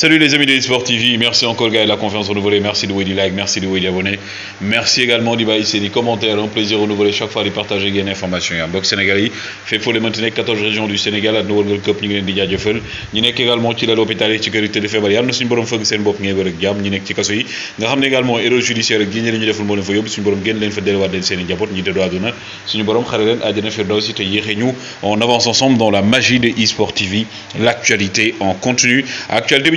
Salut les amis de eSport TV, merci encore gars de la confiance renouvelée, merci de vous du like, merci de vous abonner, merci également du bail, des commentaires, un plaisir renouvelé chaque fois de partager une information. un box sénégalais, fait pour les maintenir 14 régions du Sénégal, à nouveau World Cup, nous sommes déjà fait. Nous sommes également à l'hôpital et sécurité de février, nous sommes bonnes c'est une bonne gamme, Ni sommes qui casse. Nous sommes également héros judiciaire, nous sommes des bonnes fois, nous sommes bonnes gaines, nous sommes des lois des Sénégal, nous sommes des droits d'honneur, nous sommes bonnes charrelles, à des firdaus, et nous, on avance ensemble dans la magie de eSport TV, l'actualité en continu. Actualité,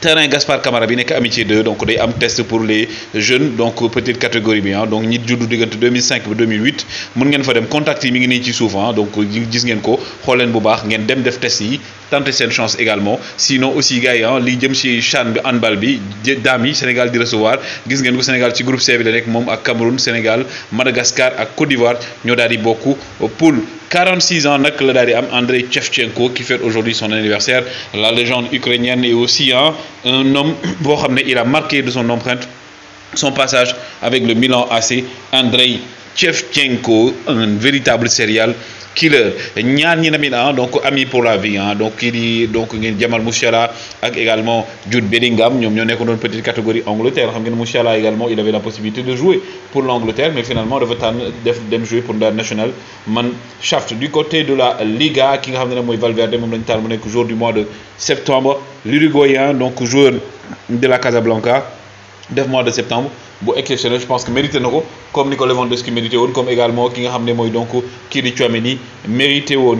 terrain Gaspard Camarabine bi Amitié 2 donc day am test pour les jeunes donc petite catégorie bi ah, donc nit en 2005 ba 2008 mën ngeen fa dem contact yi mi ngi souvent ah, donc gis ngeen ko xool leen bu baax def test tenter cette chance également sinon aussi gars yi ah li jëm ci CHAN bi Sénégal de recevoir Sénégal ci groupe C bi la Cameroun Sénégal Madagascar à Côte d'Ivoire ñoo daal beaucoup bokk 46 ans nag la daal Andrei Tchevchenko, qui fête aujourd'hui son anniversaire la légende ukrainienne et aussi ah, un homme il a marqué de son empreinte son passage avec le Milan AC Andrei Tchevchenko, un véritable serial Killer ñaan ñi tamit ah donc ami pour la vie hein. donc il donc ngeen Jamal Musiala ak également Jude Bellingham ñom ñoo nekkoon doon petite catégorie Angleterre xam Musiala également il avait la possibilité de jouer pour l'Angleterre mais finalement dafa tànn def dem jouer pour la nationale shaft du côté de la Liga ki nga xam ne moy Valverde mom lañu tànn mu nekk jour du mois de septembre l'Uruguayen donc joueur de la Casablanca def mois de septembre bu exceptionnel je pense que mérite na comme Nicolas Lewandowski mérité won comme également ki nga xamné moy donc Kiri di mérité won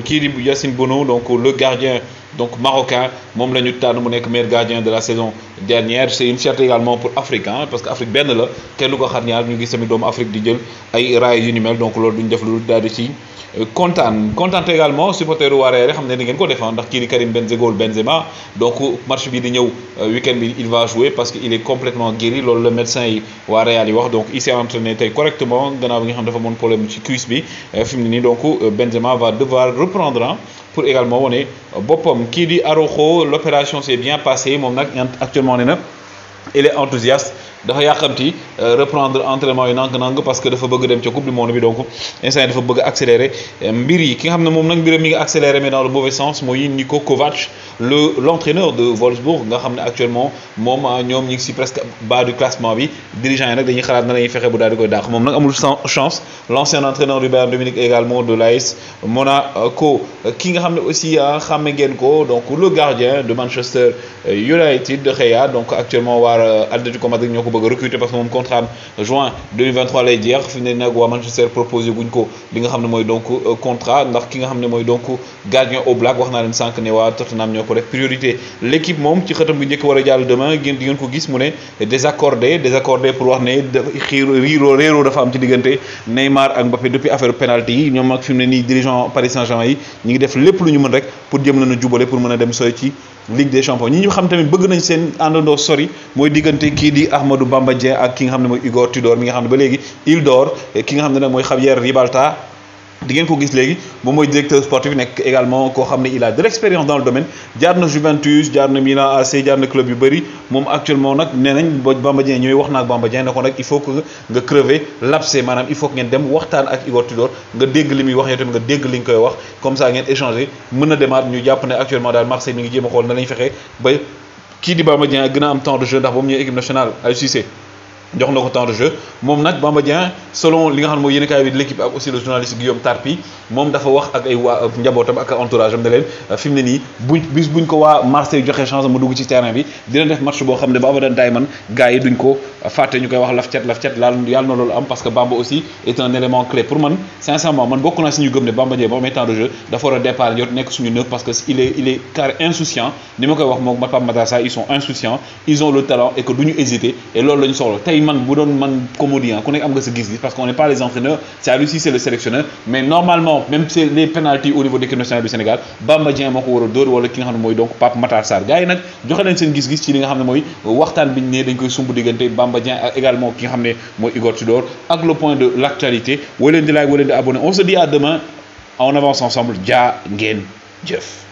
Bono donc le gardien donc marocain mom lañu ñu mu meilleur gardien de la saison dernière c'est une fierté également pour Afrique hein, parce que Afrique ben la kenn du ko xar ñaar ñu gis sami doomu Afrique di jël ay raay yu ni mel donc l'ordre duñ def lu dal ci euh, kontaan également supporter u Wareere xam ni ngeen ko hein, ndax Karim Benzema Benzema donc match bi di ñew euh, week-end bi il va jouer parce qu'il est complètement guéri le médecin yi. Real yi donc il s'est entraîné correctement Il bi nga xam dafa de problème ci cuisse bi euh, donc euh, Benzema va devoir reprendre hein, pour également woné Qui ki di Araujo l'opération s'est bien passée actuellement il est enthousiaste dafa yàqamti euh, reprendre entraînement yi nank-nank parce que dafa bëgg dem ci coupe du monde bi donc instant dafa bëgg accélérer euh, mbir yi ki nga xam ne moom nag mbiram mi ngi accéléré mais dans le mauvais sens mooy Niko Kovac le l' entraîneur de Wolfsburg nga xam ne actuellement moom ah, ñoom ñu ngi si presque bas du classement bi dirigeant yi nag dañuy xalaat na lañuy fexe bu daal di koy dàq moom nag amul chance l'ancien entraîneur du Bayern Munich également de l'AS Monaco euh, ki nga xam ne aussi ah, xàmme ngeen ko donc le gardien de Manchester United de Gea donc actuellement war Atlético Madrid ñoo ko bëgg a recruter parce que moom contrat juin 2023 lay jeex fi ne nag waa Manchester proposé guñ ko li nga xam ne mooy donc euh, contrat ndax ki nga xam ne mooy donc gardien au black wax naa leen sànq ne waa Tottenham ñoo ko def priorité l' équipe moom ci xëtam bu njëkk war a jàll demain ngeen di ngeen ko gis mu ne désaccordé désaccordé pour wax ne xiiro riiroo réeroo dafa am ci diggante Neymar ak Mbappé depuis affaire penalty yi ñoom ak fi mu ne nii dirigeant Paris Saint-Germain yi ñu ngi def lépp lu ñu mën rek pour jëm leen a jubale pour mën a dem sooy ci Ligue des Champions ñi ñu xam tamit bëgg nañ seen àndandoo sori mooy diggante kii di Ahmad Amadou Bamba Dieng ak ki nga xam moy Igor Tudor mi nga xam ba légui il dort ki nga xam ne nag mooy Javier Ribalta di ngeen ko gis légui moom moy directeur sportif nek également ko xam il a de l'expérience dans le domaine jaar na Juventus jaar na Milan AC jaar na club yu bari mom actuellement nak nee nañ ba Bamba Dieng ñooy wax nak ak Bamba Dieng ne ko il faut que nga crever l'abcès manam il faut que ngeen dem waxtaan ak Igor Tudor nga dégg limi wax yow tamit nga dégg liñ koy wax comme ça ngeen échanger mëna démarre ñu japp ne actuellement dal Marseille mi ngi jéem xol xool na lañ fexe ba kii di Bamba Dieng gën a am temps de jeu ndax ba jox na ko temps de jeu moom nag Bamba selon li nga xam ne mooy yéenekaay bi l'équipe ak aussi le journaliste Guillaume Tarpi moom dafa wax ak ay waa njabootam ak entourage am ne leen euh, fi mu ne nii buñ bis buñ ko waa Marseille joxee chance mu dugg ci terrain bi dina def match boo xam ne ba abadan day man gars yi duñ ko fàtte ñu koy wax laf cet laf cet laal yàlla na loolu am parce que Bamba aussi est un élément clé pour man sincèrement man bokk naa si ñu gëm ne Bamba Dieng ba amee temps de jeu dafa war a départ jot nekk suñu neuf parce que il est il est car insouciant ni ma koy wax moom Pape Matar ils sont insouciants ils ont le talent et que duñu hésiter et loolu la ñu soxla tey man bu doon man comme ku nekk am nga sa gis-gis parce qu'on on n'est pas les entraîneurs c'est à lui c'est le sélectionneur mais normalement même c'est les penalties au niveau de l'équipe nationale du Sénégal Bamba Dieng moo ko war a wala ki nga xam ne donc Pape Matar Sarr gars yi nag joxe nañ seen gis-gis ci li nga xam ne mooy waxtaan biñ ne dañ koy sumb diggante Bamba Dieng ak également ki nga xam ne mooy Igor Tudor ak le point de l'actualité woo leen di like woo leen di abonné on se dit à demain on avance ensemble J'a ngeen Jeff.